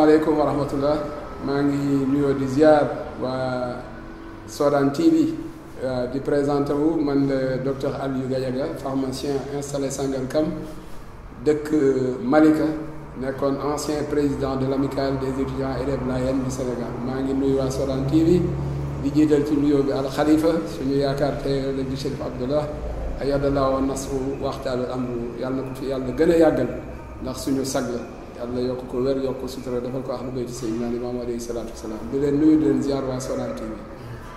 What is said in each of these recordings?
asalaamaaleykum wa rahmatullah maa ngi nuyoo di ziar waa sodan TV euh, di présenté wu man le docteur Aliou Gadiaga pharmacien installé kam dëkk euh, Malika nekkoon ancien président de l'amicale des étudiants élèves layennes du Sénégal maa ngi nuyu waa Soodaan TV di jiital ci nuyoo bi alxalifa suñu yaakaar tey le di Chérif Abdallah ayadallah wa nasru waxtaanal am yàlla na ko fi yàlla gën a yàggal ndax suñu sag la am na yokk ko wér yokk ko sutura defal ko ahlu bayti sayyidina imaam alayhi salaatu wasalaam di leen nuyu di leen ziar waa Soodaan TV bi.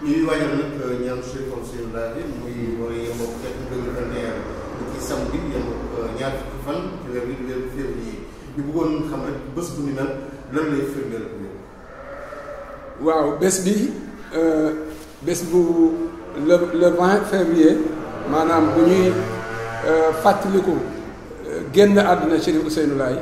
ñuy waajal nag ñaam suñu conseil daal bi muy mooy yemboog bu ci samedi yemboog euh, ñaar fukki fan ci xam rek bés bu ni nag lan lay waaw bés bi euh, bés bu le le vingt maanaam bu ñuy euh, fàttaliku génn àdduna Chérif Ousseynou Laye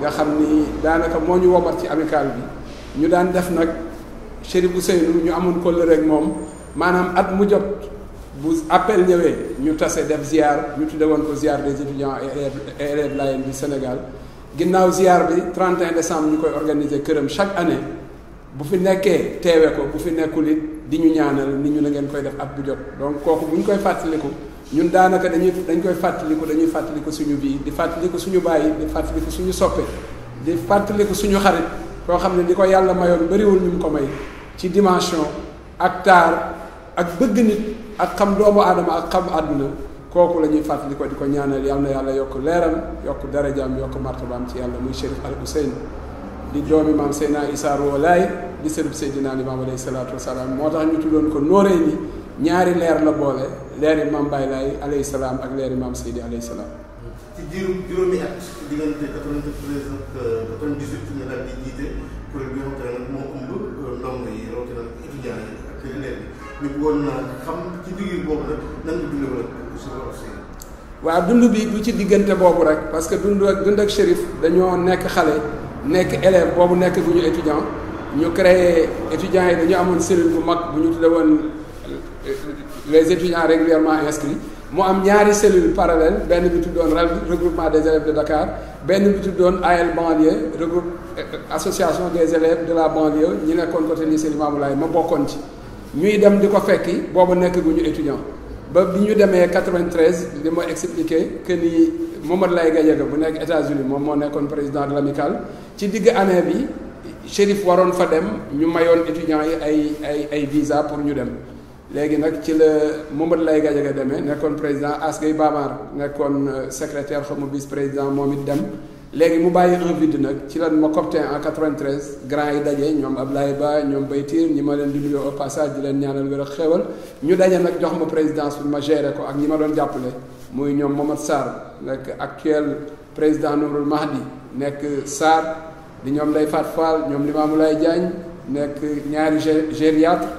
nga xam ni daanaka moo ñu wobat ci amical bi ñu daan def nag Chérif Ousseynou ñu amoon ko rek moom maanaam at mu jot bu appel ñëwee ñu tase def ziar ñu tudde woon ko ziar des étudiants et élèves layen du Sénégal ginnaaw ziar bi 31 décembre ñu koy organiser këram chaque année bu fi nekkee teewe ko bu fi nekkul it di ñu ñaanal nit ñu na ngeen koy def at bu jot donc kooku bu ñu koy fàttaliku ñun daanaka dañuy dañ koy fàttaliku dañuy fàttaliku suñu bii di fàttaliku suñu bàyyi di fàttaliku suñu soppe di fàttaliku suñu xarit koo xam ne li ko yàlla mayoon bariwul ñu ko may ci dimension ak taar ak bëgg nit ak xam doomu aadama ak xam àdduna kooku la ñuy fàttali ko di ko ñaanal yàlla na yàlla yokk leeram yokk darajaam yokk martabaam ci yàlla muy Chérif Al Hussein di doomi maam Seyna Issa Rouhou di sëtub Seydina Limaam alayhi salaatu wasalaam moo tax ñu tuddoon ko nooree ni ñaari leer la boole leeri maam Baye Laye alayhi salaam ak leeri maam Seydi alayhi salaam. ci diiru juróomi at diggante 93 ak 98 ñu daal di jiite kuréel bi nga xamante ne moo ëmb ndongo yi rawatina ak étudiant yi ak leneen ñu bëggoon naa xam ci digir boobu nag nan nga dundee wala su ko waaw dund bi du ci diggante boobu rek parce que dund ak dund ak shérif dañoo nekk xale nekk élève boobu nekk bu ñu étudiant ñu créé étudiants yi dañu amoon cellule bu mag bu ñu tudde woon les étudiants régulièrement inscrits mu am ñaari cellule parallèle benn bi tuddoon regroupement des élèves de Dakar benn bi tuddoon AL banlieue regroupe euh, association des élèves de la banlieue ñi nekkoon côté lycée Limamou Lay, ma bokkoon ci ñuy dem diko fekki bobu nek guñu étudiant ba biñu démé 93 li ma expliqué que ni Mamadou Lay Gadiaga bu nek États-Unis moom mo nekkoon président de l'amical, ci digg année bi Chérif waron fa dem ñu mayon étudiants yi ay ay ay visa pour ñu dem léegi nag ci la Mamadou Lay Gadiaga demee nekkoon président Asgay babar nekkoon euh, secrétaire xamu vice président moom it dem léegi mu bàyyi un vide nag ci lan ma copte en 93 grand yi daje ñoom Ablaye Ba ñoom Baytiir ñi ma leen di nuyoo au passage di leen ñaanal wér ak xéewal ñu daje nag jox ma présidence pour ma gérer ko ak ñi ma doon jàppale muy ñoom Momad sar nekk actuel président Nourul Mahdi nekk sar di ñoom lay Fat Fall ñoom lay Diagne nekk ñaari gériatre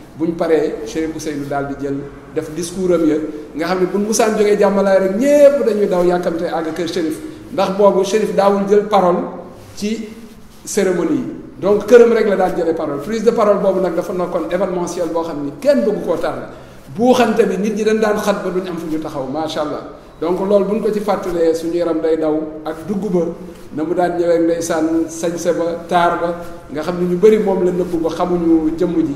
buñ paree Chérif Ousseynou daal di jël def discours am ya nga xam ne buñ musaan jógee jàmmalaay rek ñépp dañuy daw yàkkamte àgg kër Chérif ndax boobu Chérif daawul jël parole ci cérémonie yi donc këram rek la daan jëlee parole prise de parole boobu nag dafa nekkoon événementiel boo xam ni kenn bëgg koo tar la buuxante bi nit ñi dañ daan xal ba duñ am fu ñu taxaw macha allah donc loolu buñ ko ci fàttalee suñu yaram day daw ak dugg ba na mu daan ñëwee ndeysaan sañse ba taar ba nga xam ne ñu bëri moom la nëbb ba xamuñu jëmm ji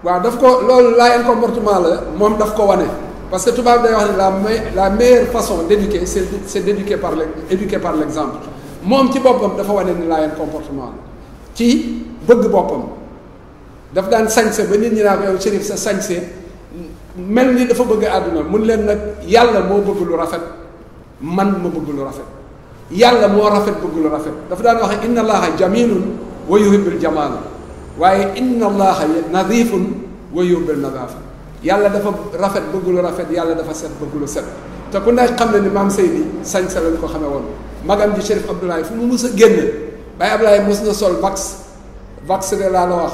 waaw daf ko loolu laayeen comportement la moom daf ko wane parce que tubaab day wax ne la me la meilleure façon d'éduquer c'est c'est d'éduquer par l'éduquer par l'exemple moom ci boppam dafa wane ni laayeen comportement la ci bëgg boppam daf daan sañse ba nit ñi naa ko yow Chérif sa sañse mel ni dafa bëgg àdduna mun leen nag yàlla moo bëgg lu rafet man ma bëgg lu rafet yàlla moo rafet bëgg lu rafet dafa daan wax inna allaha jamilun wa yuhibbul jamaal waaye inna allaha nadiifun wa yuhibbul nadaafa yàlla dafa rafet bëgg lu rafet yàlla dafa set bëgg lu set te ku nekk xam na ni maam Seydi sañse lañ ko xamee woon magam ji Chérif Abdoulaye fu mu mus a génn Baye Abdoulaye mus na sol vax vax de laa la wax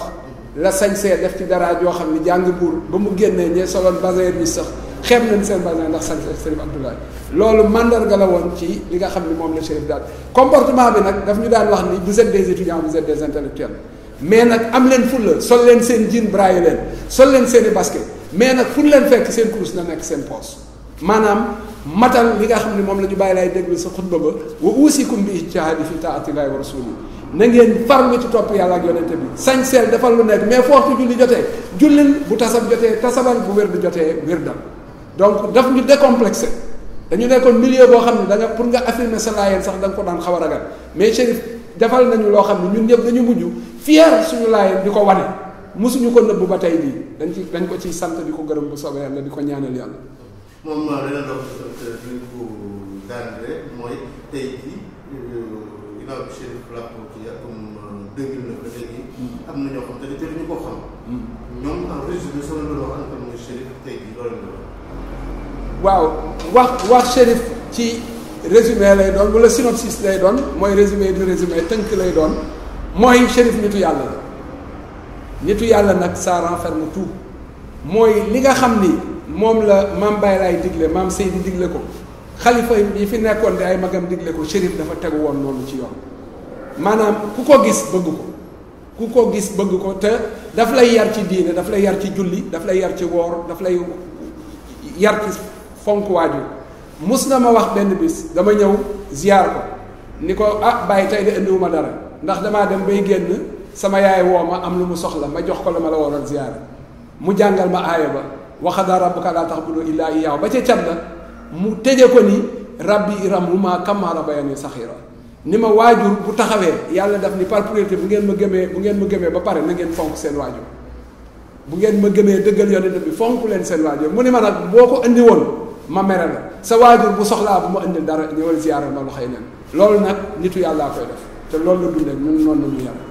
la sañsee def ci dara joo xam ne jàng buur ba mu génnee ñee soloon basin bi sax xeeb nañ seen basin ndax sañse Chérif Abdoulaye loolu mandarga la woon ci li nga xam ne moom la Chérif daal comportement bi nag daf ñu daan wax ni vous êtes des étudiants vous êtes des intellectuels mais nag am leen fulla sol leen seen jean braayu leen sol leen seen i basket mais nag fu leen fekk seen kurus na nekk seen poos maanaam matal li nga xam ne moom la ñu bàyyi laay déglu sa xutba ba wa uusikum bi ijtihaadi fi taatillahi wa rasuli na ngeen farlu ci topp yàlla ak yonente bi sañ seel defal lu nekk mais foofu julli jotee jullil bu tasab jotee tasabal bu wér di jotee wér dal donc daf ñu décomplexé dañu nekkoon milieu boo xam ne da nga pour nga affirmer sa laayeen sax da ko daan xaw a ragal mais defal nañu loo xam ne ñun ñëpp dañu mujj fier suñu laay bi ko wane mosuñu ko nëbb ba tey bii dañ ci dañ ko ci sant bi ko gërëm bu soobee yàlla di ko ñaanal yàlla. moom leneen loo xamante ni ko mooy euh, euh, mm. xam te ne jotuñu ko xam. Mm. ñoom en résumé soo leen doon wax ak waaw wax wax Chérif ci. résumé lay doon wala synopsis lay doon mooy résumé du résumé tënk lay doon mooy shérif nitu yàlla la nitu yàlla nag ça renferme tout mooy li nga xam ni moom la maam Baye laay digle maam Seydi digle ko xalifa yi fi nekkoon di ay magam digle ko shérif dafa tegu woon noonu ci yoon maanaam ku ko gis bëgg ko ku ko gis bëgg ko te daf lay yar ci diine daf lay yar ci julli daf lay yar ci woor daf lay yar ci fonk waajur mus na ma wax benn bis dama ñëw ziyaar ko ni ko ah bàyyi tey de indiwuma dara ndax damaa dem bay génn sama yaay woo ma am lu mu soxla ma jox ko la ma la waroon ziyaara mu jàngal ma aaya ba waxadaa rabbuka laa taxbudu illaa iyyaahu ba ca cat la mu tëje ko ni rab rabbi irhamhumaa kamaa rabbayaanii saxiira ni ma waajur bu taxawee yàlla daf ni par priorité bu ngeen ma gëmee bu ngeen ma gëmee ba pare na ngeen fonk seen waajur bu ngeen ma gëmee dëggal yonent bi fonk leen seen waajur mu ne ma nag boo ko indi woon ma mere sa waajur bu soxlaa bu mu indil dara ñëwal ziaral ma loxoy neen loolu nag nitu yàllaa koy def te loolu la dundee ñun noonu la yàlla